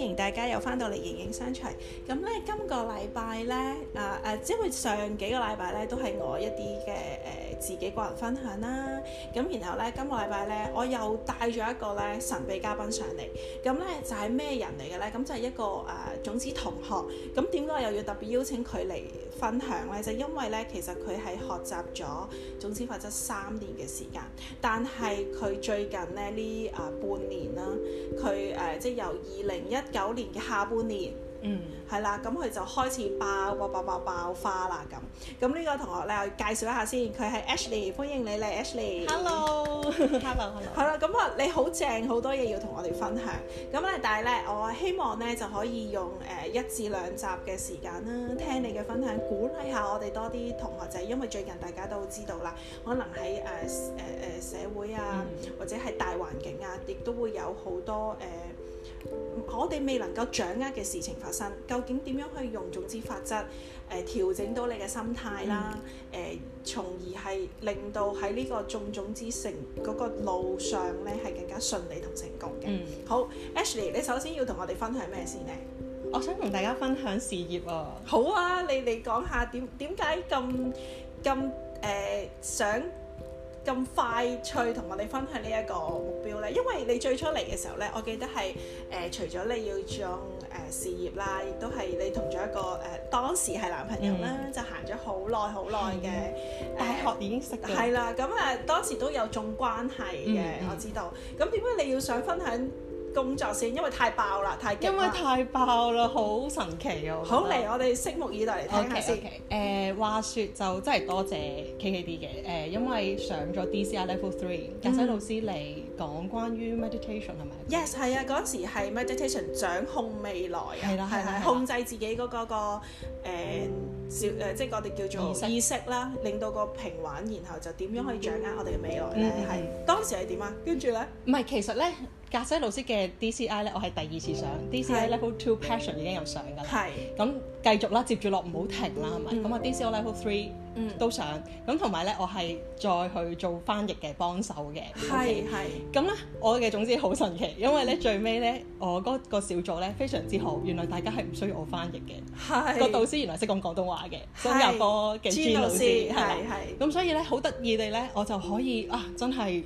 歡迎大家又翻到嚟形影相隨，咁咧今個禮拜咧啊，誒、即、呃、係上幾個禮拜咧都係我一啲嘅誒自己個人分享啦，咁然後咧今個禮拜咧我又帶咗一個咧神秘嘉賓上嚟，咁咧就係、是、咩人嚟嘅咧？咁就係一個誒。呃總之，同學咁點解又要特別邀請佢嚟分享呢？就係、因為呢，其實佢係學習咗總資法則三年嘅時間，但係佢最近呢，呢啊、呃、半年啦，佢誒、呃、即係由二零一九年嘅下半年。嗯，係啦、mm.，咁佢就開始爆爆爆爆花啦咁。咁呢個同學咧，介紹一下先，佢係 Ashley，歡迎你嚟 Ashley。Hello，Hello，Hello hello.。係啦，咁啊，你好正，好多嘢要同我哋分享。咁咧，但係咧，我希望咧就可以用誒一至兩集嘅時間啦，聽你嘅分享，鼓勵下我哋多啲同學仔，因為最近大家都知道啦，可能喺誒誒誒社會啊，或者係大環境啊，亦都會有好多誒。呃我哋未能夠掌握嘅事情發生，究竟點樣去用種子法則誒調整到你嘅心態啦？誒、嗯，從、呃、而係令到喺呢個種種子成嗰、那個路上咧係更加順利同成功嘅。嗯、好，Ashley，你首先要同我哋分享咩事呢？我想同大家分享事業啊。好啊，你哋講下點、點解咁咁誒想？咁快趣同我哋分享呢一個目標呢？因為你最初嚟嘅時候呢，我記得係誒、呃，除咗你要做誒、呃、事業啦，亦都係你同咗一個誒、呃、當時係男朋友啦，嗯、就行咗好耐好耐嘅大學已經識嘅，係啦，咁誒、呃、當時都有種關係嘅，嗯、我知道。咁點解你要想分享？工作先，因為太爆啦，太勁，因為太爆啦，好、嗯、神奇啊！好嚟來，嗯、我哋拭目以待嚟睇下先。誒、okay, okay. 呃、話説就真係多謝 KKD 嘅誒、呃，因為上咗 DCI Level Three，亞洲老師嚟講關於 meditation 係咪？Yes 係啊，嗰時係 meditation 掌控未來，、嗯、啊，係係、啊啊啊、控制自己嗰、嗰個小、嗯、即係我哋叫做意識啦，識令到個平穩，然後就點樣可以掌握我哋嘅未來咧？係、嗯、是當時係點啊？跟住咧，唔係、嗯、其實咧，格西老師嘅 DCI 咧，我係第二次上、嗯、DCI Level Two Passion 已經有上㗎啦，係咁的。繼續啦，接住落唔好停啦，係咪？咁啊，DCO Level Three 都上，咁同埋咧，我係再去做翻譯嘅幫手嘅。係係。咁咧，我嘅總之好神奇，因為咧，最尾咧，我嗰個小組咧，非常之好，原來大家係唔需要我翻譯嘅。係。個導師原來識講廣東話嘅，新加坡嘅專老師係啦。咁所以咧，好得意地咧，我就可以啊，真係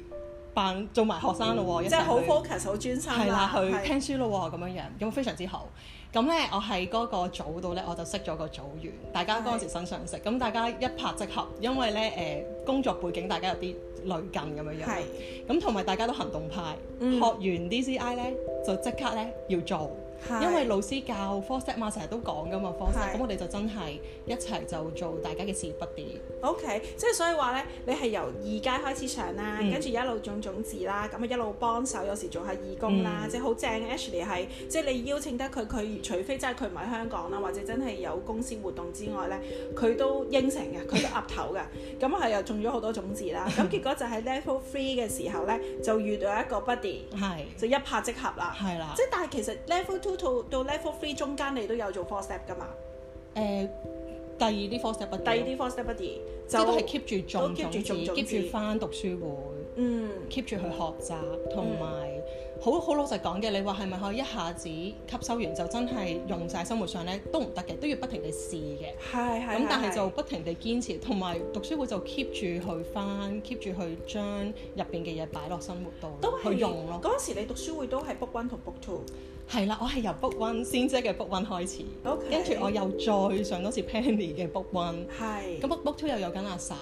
扮做埋學生咯。即係好 focus，好專心。係啦，去聽書咯，咁樣樣，咁非常之好。咁呢，我喺嗰個組度呢，我就識咗個組員，大家嗰陣時身上識，咁是大家一拍即合，因為呢誒、呃、工作背景大家有啲類近咁樣樣，咁同埋大家都行動派，嗯、學完 DCI 呢，就即刻呢要做。因為老師教 four set 嘛，成日都講噶嘛 four set 咁我哋就真係一齊就做大家嘅事業 buddy。OK，即係所以話咧，你係由二階開始上啦，跟住一路種種子啦，咁啊一路幫手，有時做下義工啦，即係好正 Ashley 係，即係你邀請得佢，佢除非真係佢唔喺香港啦，或者真係有公司活動之外咧，佢都應承嘅，佢都岌頭嘅。咁係又種咗好多種子啦，咁結果就喺 level three 嘅時候咧，就遇到一個 buddy，係就一拍即合啦，係啦，即係但係其實 level two to 到 level three 中間，你都有做 four step 噶嘛？誒、呃，第二啲 four step 不第二啲 four step 不就即都係 keep 住做，keep 住做，keep 住翻讀書會，嗯，keep 住去學習，同埋、嗯、好好老實講嘅，你話係咪可以一下子吸收完就真係用晒生活上咧？都唔得嘅，都要不停嘅試嘅，係係。咁但係就不停地堅持，同埋讀書會就 keep 住去翻，keep 住去將入邊嘅嘢擺落生活度都係去用咯。嗰時你讀書會都係 book one 同 book two。係啦，我係由 book one 先啫嘅 book one 開始，跟住我又再上多次 Penny 嘅 book one，咁我 book two 又有緊阿 Sa，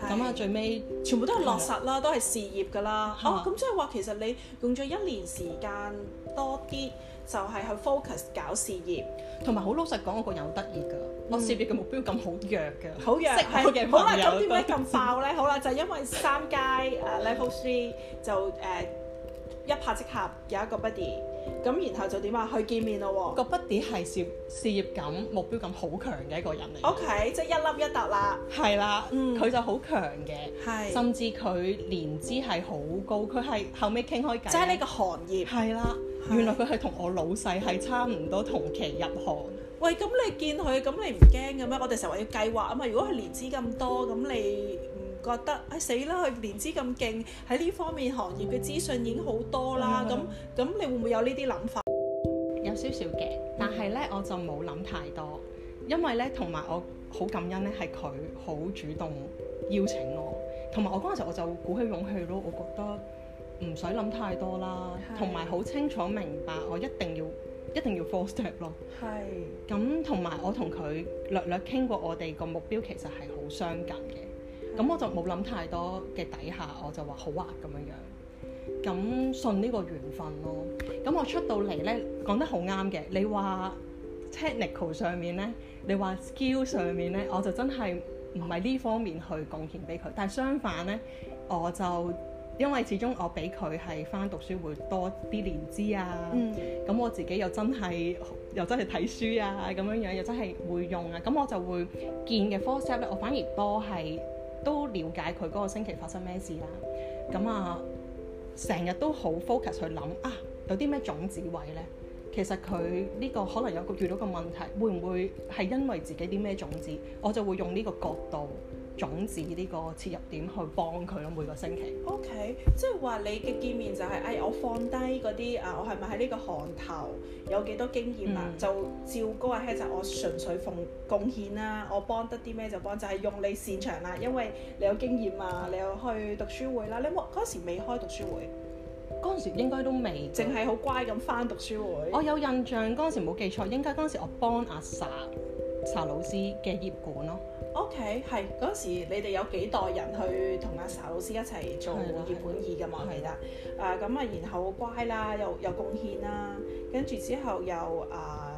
咁啊最尾全部都係落實啦，都係事業噶啦。哦，咁即係話其實你用咗一年時間多啲，就係去 focus 搞事業，同埋好老實講，我個人好得意㗎，我事業嘅目標咁好弱㗎，好弱係嘅。好啦，咁點解咁爆咧？好啦，就係因為三階誒 level three 就誒一拍即合，有一個 buddy。咁然後就點啊去見面咯喎、哦，個 buddy 係涉事業感目標感好強嘅一個人嚟，OK，即係一粒一突啦，係啦，嗯，佢就好強嘅，係是，甚至佢年資係好高，佢係後尾傾開偈，即係呢個行業，係啦，是原來佢係同我老細係差唔多同期入行，喂，咁你見佢咁你唔驚嘅咩？我哋成日話要計劃啊嘛，如果佢年資咁多，咁你。覺得哎死啦！佢年資咁勁，喺呢方面行業嘅資訊已經好多啦。咁咁， 你會唔會有呢啲諗法？有少少嘅，但係呢，我就冇諗太多，因為呢，同埋我好感恩呢係佢好主動邀請我，同埋我嗰陣時我就鼓起勇氣咯。我覺得唔使諗太多啦，同埋好清楚明白，我一定要一定要 first step 咯。係咁的，同埋我同佢略略傾過我，我哋個目標其實係好相近嘅。咁我就冇諗太多嘅底下，我就話好啊咁樣樣。咁信呢個緣分咯。咁我出到嚟呢，講得好啱嘅。你話 technical 上面呢，你話 skill 上面呢，嗯、我就真係唔係呢方面去貢獻俾佢。但係相反呢，我就因為始終我俾佢係翻讀書會多啲年資啊。嗯。咁我自己又真係又真係睇書啊，咁樣樣又真係會用啊。咁我就會見嘅 concept 呢，我反而多係。都了解佢嗰個星期發生咩事啦，咁啊，成日都好 focus 去諗啊，有啲咩種子位呢？其實佢呢個可能有個遇到個問題，會唔會係因為自己啲咩種子？我就會用呢個角度。種子呢個切入點去幫佢咯，每個星期。OK，即係話你嘅見面就係、是，哎，我放低嗰啲啊，我係咪喺呢個行頭有幾多經驗、嗯、啊？就照高個 head 我純粹奉貢獻啦、啊，我幫得啲咩就幫，就係、是、用你擅長啦、啊，因為你有經驗啊，你又去讀書會啦、啊，你冇嗰時未開讀書會，嗰陣時應該都未，淨係好乖咁翻讀書會。我有印象嗰陣時冇記錯，應該嗰陣時我幫阿 Sa。查老師嘅業管咯，OK，係嗰時你哋有幾代人去同阿查老師一齊做業管義嘅嘛，係啦，誒咁啊，然後乖啦，又又貢獻啦，跟住之後又啊、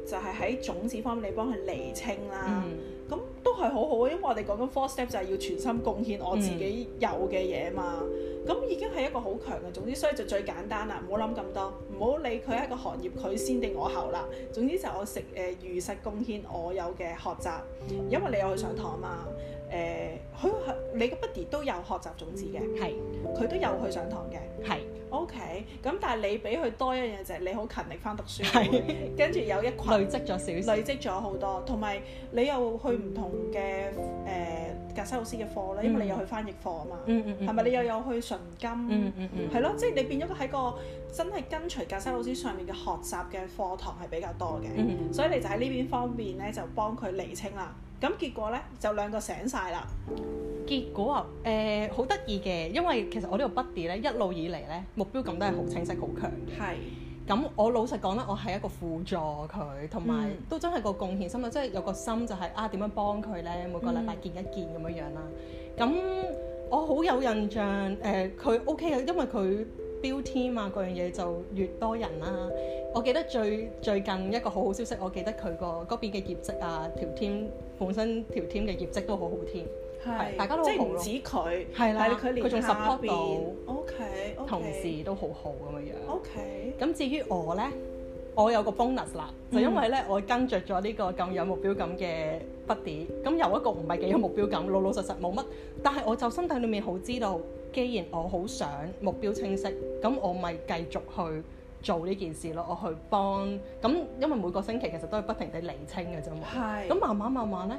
呃，就係、是、喺種子方面你幫佢釐清啦。嗯。咁都係好好，因為我哋講緊 four step 就係要全心貢獻我自己有嘅嘢嘛。咁、嗯、已經係一個好強嘅，總之所以就最簡單啦，唔好諗咁多，唔好理佢係一個行業佢先定我後啦。總之就我食誒如、呃、實貢獻我有嘅學習，因為你有去上堂嘛。誒，佢學、呃、你個 buddy 都有學習種子嘅，係佢是都有去上堂嘅，係是 OK。咁但係你比佢多一樣嘢就係你好勤力翻讀書，係是跟住有一群， 累積咗少少，累積咗好多，同埋你又去唔同嘅誒、呃、格西老師嘅課啦，因為你有去翻譯課啊嘛，嗯係、嗯、咪、嗯、你又有去純金？嗯係、嗯、咯、嗯嗯，即係、就是、你變咗喺個真係跟隨格西老師上面嘅學習嘅課堂係比較多嘅，嗯嗯嗯所以你就喺呢邊方面咧就幫佢釐清啦。咁結果咧就兩個醒晒啦。結果啊，誒好得意嘅，因為其實我呢個 Buddy 咧一路以嚟咧目標感都係好清晰、好強。係是。咁我老實講啦，我係一個輔助佢，同埋、嗯、都真係個貢獻心啦，即、就、係、是、有個心就係、是、啊點樣幫佢咧，每個禮拜見一見咁樣樣啦。咁、嗯、我好有印象誒，佢、呃、OK 嘅，因為佢。build team 啊，嗰樣嘢就越多人啦、啊。我記得最最近一個好好消息，我記得佢、嗰個嗰邊嘅業績啊，條 team 本身條 team 嘅業績都好好添，係是大家都好即係唔止佢，係啦的，佢仲 support 到，OK，同事都好好咁樣樣。OK，咁 okay. 至於我咧，我有個 bonus 啦，就因為咧、嗯、我跟着咗呢個咁有目標感嘅 buddy 咁有一個唔係幾有目標感，老、嗯、老實實冇乜，但係我就心底裏面好知道。既然我好想目標清晰，咁我咪繼續去做呢件事咯。我去幫，咁因為每個星期其實都係不停地釐清嘅啫嘛。係是。咁慢慢慢慢咧，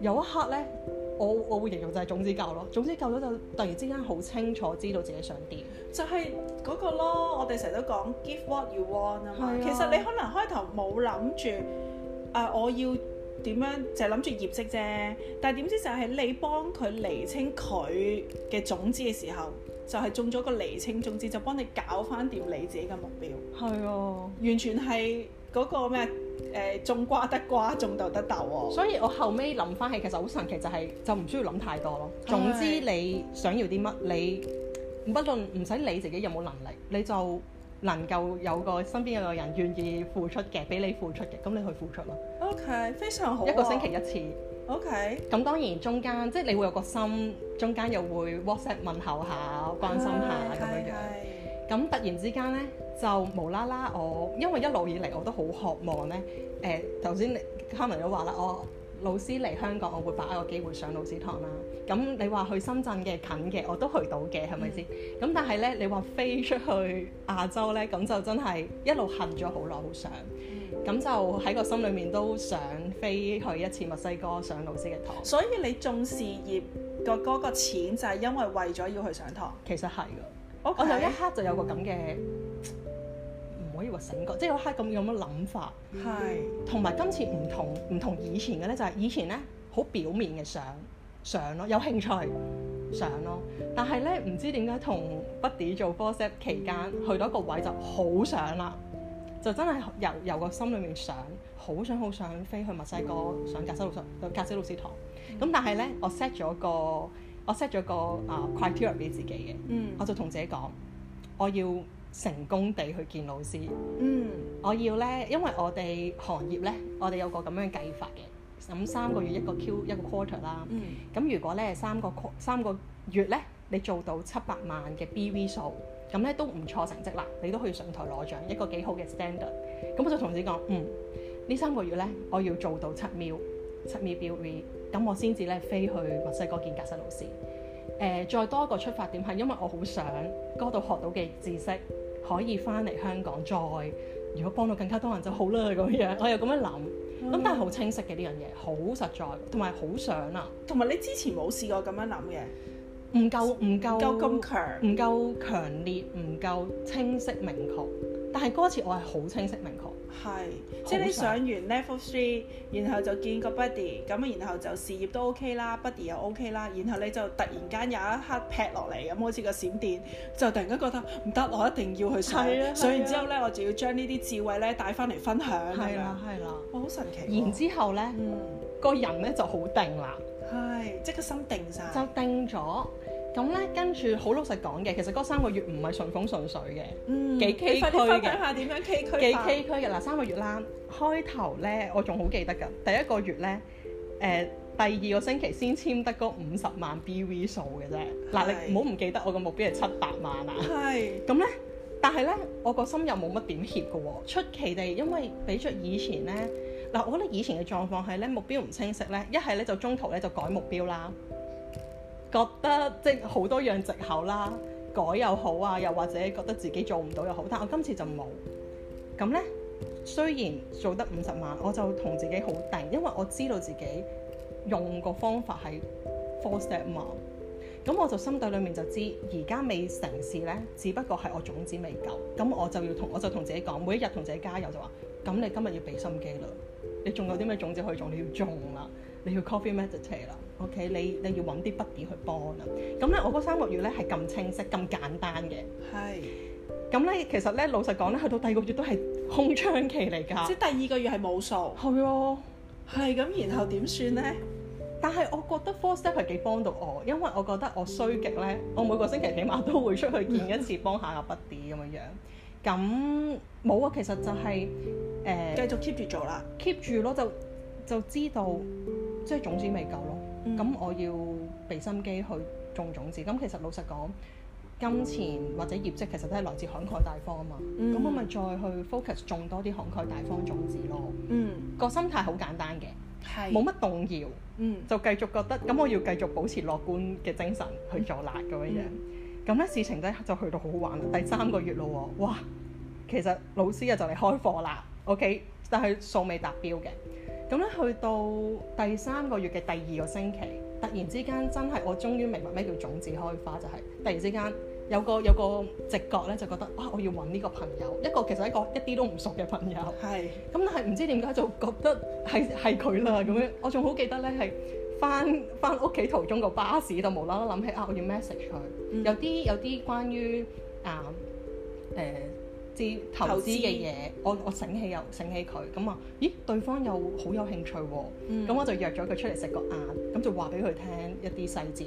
有一刻咧，我我會形容就係總之夠咯，總之夠咗就突然之間好清楚知道自己想點。就係嗰個咯，我哋成日都講 Give what you want 啊嘛。係啊。其實你可能開頭冇諗住，誒、呃，我要。點樣就係諗住業績啫？但係點知就係你幫佢釐清佢嘅種子嘅時候，就係種咗個釐清種子，就幫你搞翻掂你自己嘅目標。係啊、哦，完全係嗰個咩誒種瓜得瓜，種豆得豆喎、哦。所以我後尾諗翻起，其實好神奇、就係，就係就唔需要諗太多咯。總之你想要啲乜，你不論唔使理自己有冇能力，你就。能夠有個身邊有個人願意付出嘅，俾你付出嘅，咁你去付出咯。OK，非常好。一個星期一次。OK。咁當然中間即係你會有個心，中間又會 WhatsApp 問候下、關心下咁樣樣。咁突然之間呢，就無啦啦我，因為一路以嚟我都好渴望呢。誒，頭先你 comment 都話啦，我。老師嚟香港，我會把握個機會上老師堂啦。咁你話去深圳嘅近嘅我都去到嘅，係咪先？咁但係呢，你話飛出去亞洲呢，咁就真係一路恨咗好耐，好想咁就喺個心裏面都想飛去一次墨西哥上老師嘅堂。所以你重事業個嗰個錢就係因為為咗要去上堂，其實係㗎。Okay. 我有一刻就有個咁嘅。可以話醒個，即係我啲咁樣嘅諗法，係同埋今次唔同唔同以前嘅咧，就係以前咧好表面嘅相，相咯，有興趣想咯，但係咧唔知點解同 Buddy 做波 o s t p 期間去到一個位就好想啦，就真係由由個心裏面想，好想好想飛去墨西哥上教師老上教師老師堂，咁、mm hmm. 但係咧我 set 咗個我 set 咗個啊、uh, criteria 俾自己嘅，mm hmm. 我就同自己講我要。成功地去見老師。嗯，我要咧，因為我哋行業咧，我哋有個咁樣計法嘅。咁三個月一個 Q、嗯、一個 quarter 啦。嗯。咁如果咧三個三個月咧，你做到七百萬嘅 BV 數，咁咧都唔錯成績啦，你都可以上台攞獎，一個幾好嘅 standard。咁我就同自己講，嗯，呢三個月咧，我要做到七 million、七 million BV，咁我先至咧飛去墨西哥見格式老師。誒、呃，再多一個出發點係因為我好想嗰度學到嘅知識。可以翻嚟香港，再如果幫到更加多人就好啦咁樣。我又咁樣諗，咁的但係好清晰嘅呢樣嘢，好、這個、實在，同埋好想啊。同埋你之前冇試過咁樣諗嘅，唔夠唔夠，咁強，唔夠強烈，唔夠清晰明確。但係嗰次我係好清晰明確。係，即係你上完 level three，然後就見個 buddy，咁然後就事業都 OK 啦，buddy 又 OK 啦，然後你就突然間有一刻劈落嚟，咁好似個閃電，就突然間覺得唔得，我一定要去上。的上完之後咧，的我就要將呢啲智慧咧帶翻嚟分享。係啦的，係啦，哇，好、哦、神奇啊！然之後咧，嗯、個人咧就好定啦。係，即係個心定晒，就定咗。咁咧，跟住好老實講嘅，其實嗰三個月唔係順風順水嘅，嗯幾崎嶇嘅。快啲分享下點樣崎嶇吧。幾崎嶇嘅。嗱，三個月啦，開頭咧，我仲好記得噶。第一個月咧，誒、呃、第二個星期先簽得嗰五十萬 BV 數嘅啫。嗱是，你唔好唔記得是，我個目標係七百萬啊。係。咁咧，但係咧，我個心又冇乜點怯嘅喎。出奇地，因為比出以前咧，嗱我覺得以前嘅狀況係咧目標唔清晰咧，一係咧就中途咧就改目標啦。覺得即係好多樣藉口啦，改又好啊，又或者覺得自己做唔到又好，但我今次就冇。咁呢。雖然做得五十萬，我就同自己好定，因為我知道自己用個方法係 four step 嘛。咁我就心底裏面就知，而家未成事呢，只不過係我種子未夠。咁我就要同我就同自己講，每一日同自己加油就話，咁你今日要俾心機啦，你仲有啲咩種子可以種，你要種啦，你要 coffee meditate 啦。O.K. 你你要揾啲筆啲去幫啊！咁咧，我嗰三個月咧係咁清晰、咁簡單嘅。係是。咁咧、嗯，其實咧，老實講咧，去到第，第二個月都係空窗期嚟㗎。即係第二個月係冇數。係啊。係咁，然後點算咧？但係我覺得 four step 係幾幫到我，因為我覺得我衰極咧，我每個星期起碼都會出去見一次，幫一下阿筆啲咁樣樣。咁冇啊，其實就係、是、誒、嗯嗯、繼續 keep 住做啦，keep 住咯，就就，就知道即係總之未夠咯。總和 咁、嗯、我要俾心機去種種子。咁其實老實講，金錢或者業績其實都係來自慷慨大方啊嘛。咁、嗯、我咪再去 focus 種多啲慷慨大方種子咯。嗯，個心態好簡單嘅，冇乜是動搖。嗯，就繼續覺得咁我要繼續保持樂觀嘅精神去做辣咁樣。咁咧、嗯嗯、事情咧就去到好好玩啦。嗯、第三個月咯喎，哇！其實老師啊就嚟開課啦，OK，但係數未達標嘅。咁咧去到第三個月嘅第二個星期，突然之間真係我終於明白咩叫種子開花，就係、是，突然之間有個有個直覺咧就覺得，哇、哦！我要搵呢個朋友，一個其實一個一啲都唔熟嘅朋友。係是。咁但係唔知點解就覺得係係佢啦咁樣， 我仲好記得咧係返返屋企途中個巴士就無啦啦諗起啊，我要 message、嗯、佢，有啲有啲關於啊誒。呃投資嘅嘢、嗯，我我醒起又醒起佢咁啊。咦，對方又好有興趣喎、哦，咁、嗯、我就約咗佢出嚟食個晏，咁就話俾佢聽一啲細節。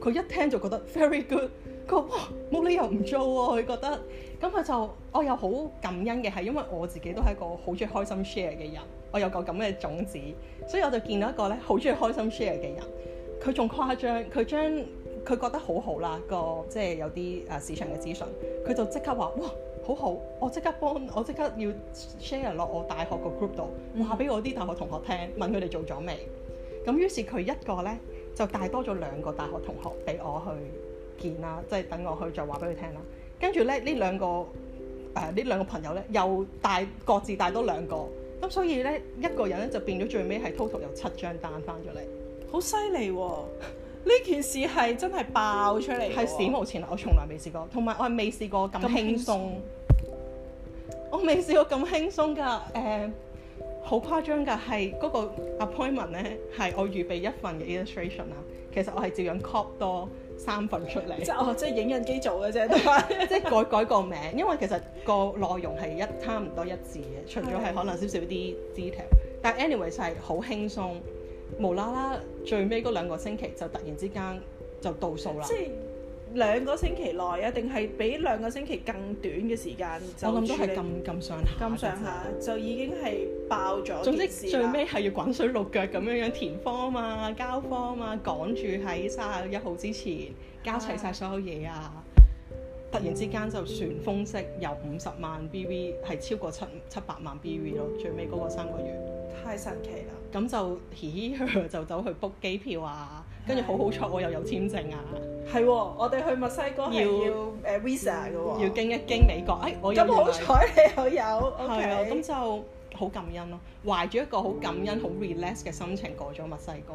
佢一聽就覺得 very good，佢話，哇冇理由唔做喎、哦。佢覺得咁佢就我又好感恩嘅，係因為我自己都係一個好中意開心 share 嘅人，我有個咁嘅種子，所以我就見到一個咧好中意開心 share 嘅人，佢仲誇張，佢將佢覺得好好啦個即係有啲啊市場嘅資訊，佢就即刻話哇。好好，我即刻幫我即刻要 share 落我大學個 group 度，話俾我啲大學同學聽，問佢哋做咗未。咁於是佢一個呢，就帶多咗兩個大學同學俾我去見啦，即係等我去再話俾佢聽啦。跟住咧呢兩個誒呢兩個朋友呢，又帶各自帶多兩個，咁所以呢，一個人呢，就變咗最尾係 total 有七張單翻咗嚟，好犀利喎！呢件事係真係爆出嚟，係史無前例，我從來未試過。同埋我係未試過咁輕鬆，輕鬆我未試過咁輕鬆㗎。誒、呃，好誇張㗎，係嗰、嗰個 appointment 咧，係我預備一份嘅 illustration 啊。其實我係照樣 copy 多三份出嚟，哦，即係即係影印機做嘅啫，對嗎？即係改改個名，因為其實個內容係一差唔多一致嘅，除咗係可能少少啲 detail，但係 anyway 就係好輕鬆。無啦啦，最尾嗰兩個星期就突然之間就倒數啦！即係兩個星期內啊，定係比兩個星期更短嘅時間？我諗都係咁咁上下。咁上下就已經係爆咗。總之最尾係要滾水淥腳咁樣樣填方啊嘛，交方啊嘛，趕住喺三十一號之前交齊晒所有嘢啊！啊突然之間就旋風式、嗯，由五十萬 BV 係超過七七百萬 BV 咯，最尾嗰個三個月。太神奇啦！咁就嘻嘻咦，咦就走去 book 機票啊，跟住好好彩我又有簽證啊！係，我哋去墨西哥要誒 visa 嘅喎，要經一經美國，嗯、哎，我又好彩你又有，係啊，咁的 okay 就好感恩咯，懷住一個好感恩、好 relax 嘅心情過咗墨西哥，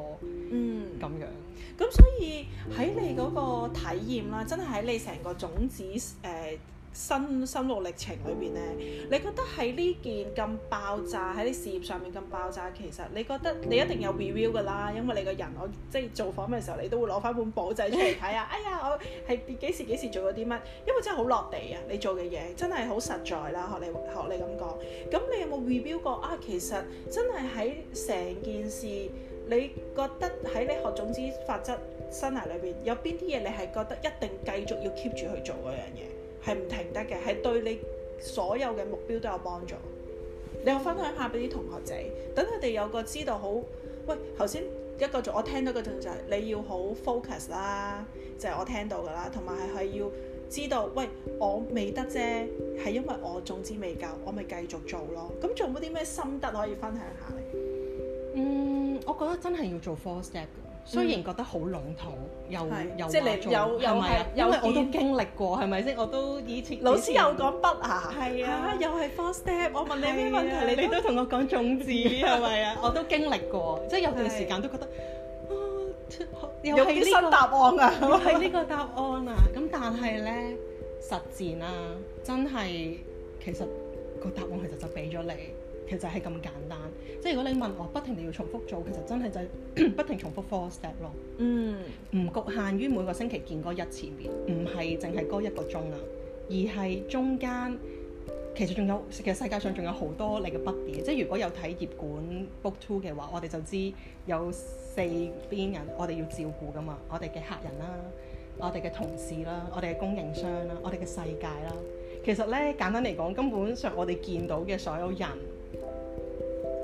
嗯，咁樣，咁所以喺你嗰個體驗啦，真係喺你成個種子誒。呃新心路歷程裏邊咧，你覺得喺呢件咁爆炸喺啲事業上面咁爆炸，其實你覺得你一定有 review 㗎啦，因為你個人我即係做訪問嘅時候，你都會攞翻本簿仔出嚟睇下： 哎呀，我係幾時幾時做過啲乜？因為真係好落地啊，你做嘅嘢真係好實在啦、啊。學你學你咁講，咁你有冇 review 過啊？其實真係喺成件事，你覺得喺你學種子法則生涯裏邊有邊啲嘢，你係覺得一定繼續要 keep 住去做嗰樣嘢？係唔停得嘅，係對你所有嘅目標都有幫助。你又分享下俾啲同學仔，等佢哋有個知道好。喂，頭先一個做我聽到嘅就係，你要好 focus 啦，就係、是、我聽到噶啦。同埋係係要知道，喂，我未得啫，係因為我種子未夠，我咪繼續做咯。咁仲有冇啲咩心得可以分享下？嗯，我覺得真係要做 four step。雖然覺得好籠統，又又或你有，因為我都經歷過，係咪先？我都以前老師又講筆啊，係啊，又係 first step。我問你咩問題，你哋都同我講種子，係咪啊？我都經歷過，即係有段時間都覺得哦，又係呢個答案啊，又係呢個答案啊。咁但係咧，實踐啊，真係其實個答案其實就俾咗你。其實係咁簡單，即係如果你問我，不停地要重複做，其實真係就係、是、 不停重複 four step 咯。嗯，唔局限於每個星期見嗰一次面，唔係淨係嗰一個鐘啊，而係中間其實仲有其實世界上仲有好多你嘅筆點。即係如果有睇業管 book two 嘅話，我哋就知有四邊人我哋要照顧㗎嘛。我哋嘅客人啦，我哋嘅同事啦，我哋嘅供應商啦，我哋嘅世界啦。其實呢，簡單嚟講，根本上我哋見到嘅所有人。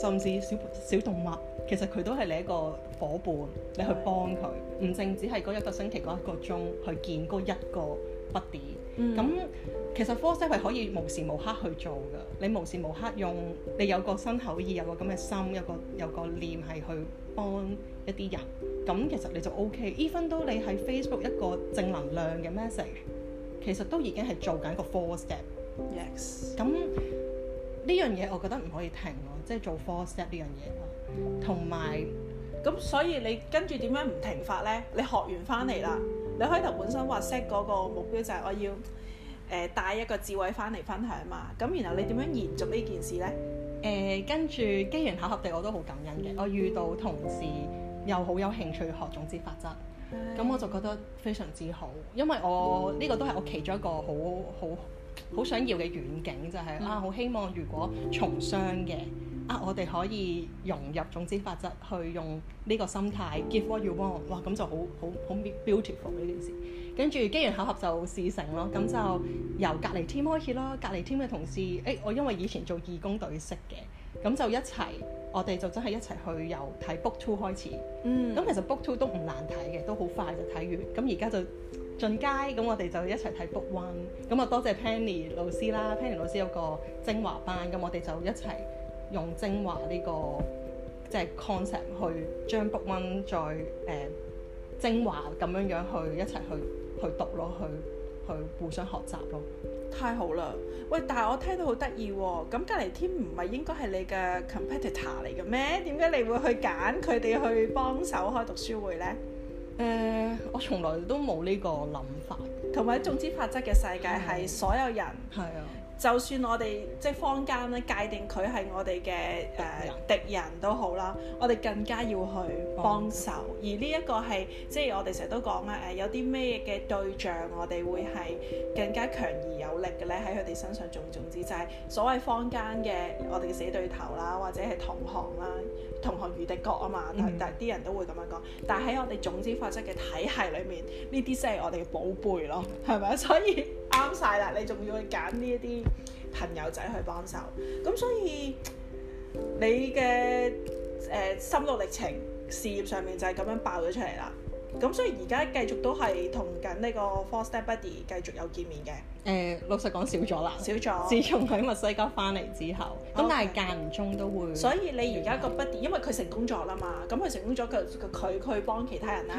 甚至小小動物，其實佢都係你一個伙伴，你去幫佢，唔淨、嗯、只係嗰一個星期嗰一個鐘去見嗰一個 body。咁、嗯、其實 four step 係可以無時無刻去做㗎。你無時無刻用你有個心口意，有個咁嘅心，有個有個念係去幫一啲人。咁其實你就 O、OK、K。even 到你喺 Facebook 一個正能量嘅 message，其實都已經係做緊個 four step。Yes。咁呢樣嘢，我覺得唔可以停即係做 f o set 呢樣嘢咯，同埋咁所以你跟住點樣唔停發呢？你學完翻嚟啦，你開頭本身話 set 嗰個目標就係我要誒、呃、帶一個智慧翻嚟分享嘛。咁然後你點樣延續呢件事呢？誒、呃，跟住機緣巧合地我都好感恩嘅，嗯、我遇到同事又好有興趣學種子法則，咁、嗯、我就覺得非常之好，因為我呢、嗯、個都係我其中一個好好好想要嘅遠景，就係、是嗯、啊，好希望如果從商嘅。啊！我哋可以融入種子法則，去用呢個心態，give what you want，哇！咁就好好好 beautiful 呢件事。跟住機緣巧合就事成咯。咁就由隔離 team 開始啦。隔離 team 嘅同事，誒、欸、我因為以前做義工隊識嘅，咁就一齊，我哋就真係一齊去由睇 book two 開始。嗯，咁其實 book two 都唔難睇嘅，都好快就睇完。咁而家就進階，咁我哋就一齊睇 book one。咁啊，多謝 Penny 老師啦。嗯、Penny 老師有個精華班，咁我哋就一齊。用精華呢、這個即係 concept 去將 book one 再誒、呃、精華咁樣樣去一齊去去讀咯，去去互相學習咯。太好啦！喂，但係我聽到好得意喎，咁隔離添唔係應該係你嘅 competitor 嚟嘅咩？點解你會去揀佢哋去幫手開讀書會呢？誒、呃，我從來都冇呢個諗法。同埋種子法則嘅世界係所有人係啊。就算我哋即係坊間咧界定佢係我哋嘅誒敵人都、呃、好啦，我哋更加要去幫手。而呢一個係即係我哋成日都講啦，誒、呃、有啲咩嘅對象我哋會係更加強而有力嘅咧，喺佢哋身上種種之際就係、所謂坊間嘅我哋嘅死對頭啦，或者係同行啦，同行如敵國啊嘛，嗯嗯，但係啲人都會咁樣講。但係喺我哋種子法則嘅體系裏面，呢啲先係我哋嘅寶貝咯，係咪？所以。啱晒啦！你仲要去揀呢一啲朋友仔去幫手，咁所以你嘅誒、呃、心路歷程事業上面就係咁樣爆咗出嚟啦。咁所以而家繼續都係同緊呢個 Four Step Buddy 繼續有見面嘅。誒，老實講少咗啦，少咗。自從佢喺墨西哥翻嚟之後，咁但係間唔中都會。所以你而家個不，因為佢成功咗啦嘛，咁佢成功咗，佢佢佢去幫其他人啦。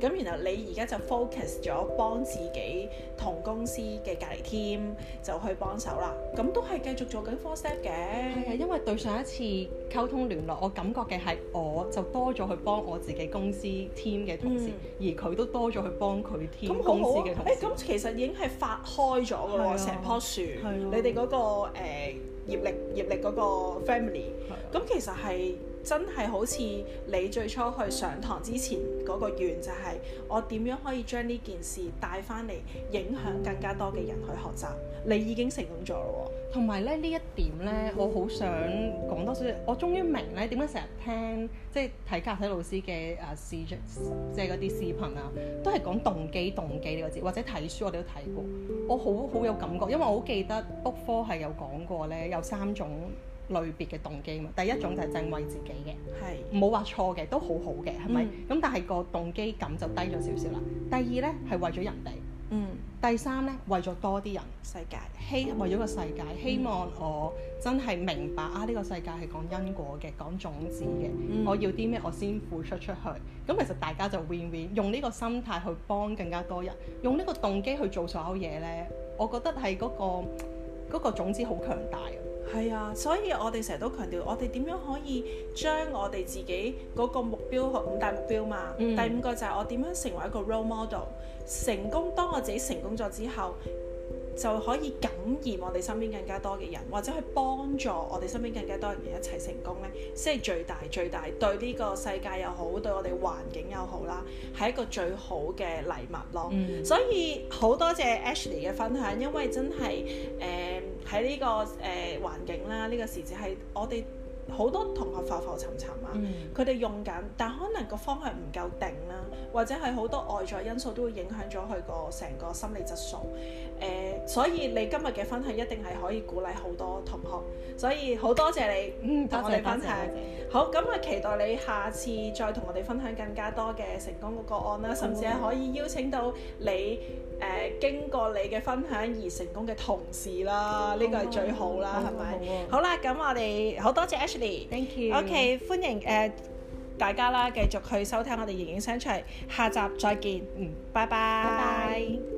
咁然後你而家就 focus 咗幫自己同公司嘅隔離 team 就去幫手啦。咁都係繼續做緊 four step 嘅。係啊，因為對上一次溝通聯絡，我感覺嘅係我就多咗去幫我自己公司 team 嘅同事，而佢都多咗去幫佢 team 咁公司嘅同事。咁其實已經係發開咗嘅成棵樹，你哋嗰、嗰個誒、呃、業力業力嗰個 family，咁的其實係真係好似你最初去上堂之前嗰個願，就係我點樣可以將呢件事帶翻嚟，影響更加多嘅人去學習。嗯。你已經成功咗咯喎，同埋咧呢一點咧，我好想講多少？我終於明咧點解成日聽即係睇格體老師嘅啊視即係啲視頻啊，都係講動機，動機呢個字，或者睇書我哋都睇過，我好好，好有感覺，因為我好記得 book 科係有講過咧，有三種類別嘅動機嘛。第一種就係正為自己嘅，係冇話錯嘅，都好好嘅，係咪、嗯？咁但係個動機感就低咗少少啦。第二咧係為咗人哋。嗯，mm. 第三咧，為咗多啲人世界希 Hey, 為咗個世界，mm. 希望我真係明白啊！呢、呢個世界係講因果嘅，講種子嘅。Mm. 我要啲咩，我先付出出去。咁其實大家就 win win，用呢個心態去幫更加多人，用呢個動機去做所有嘢咧，我覺得係、嗰個、嗰個種子好強大。係啊，所以我哋成日都強調，我哋點樣可以將我哋自己嗰個目標，五大目標嘛。嗯、第五個就係我點樣成為一個 role model，成功。當我自己成功咗之後，就可以感染我哋身邊更加多嘅人，或者去幫助我哋身邊更加多人一齊成功呢，先係最大最大，對呢個世界又好，對我哋環境又好啦，係一個最好嘅禮物咯。Mm. 所以好多謝 Ashley 嘅分享，因為真係誒喺呢個誒環境啦，呢個時節係我哋。好多同學浮浮沉沉啊，佢哋、嗯、用緊，但可能個方向唔夠定啦、啊，或者係好多外在因素都會影響咗佢個成個心理質素。誒、呃，所以你今日嘅分享一定係可以鼓勵好多同學，所以好多謝你同我哋分享。嗯、好，咁啊期待你下次再同我哋分享更加多嘅成功個個案啦、啊，甚至係可以邀請到你。誒、呃、經過你嘅分享而成功嘅同事啦，呢、哦、個係最好啦，係咪？好啦，咁我哋好多謝 Ashley，OK，Thank you、okay，歡迎誒、呃、大家啦，繼續去收聽我哋形影相隨，下集再見，嗯，mm. 拜拜。Bye bye. Bye bye.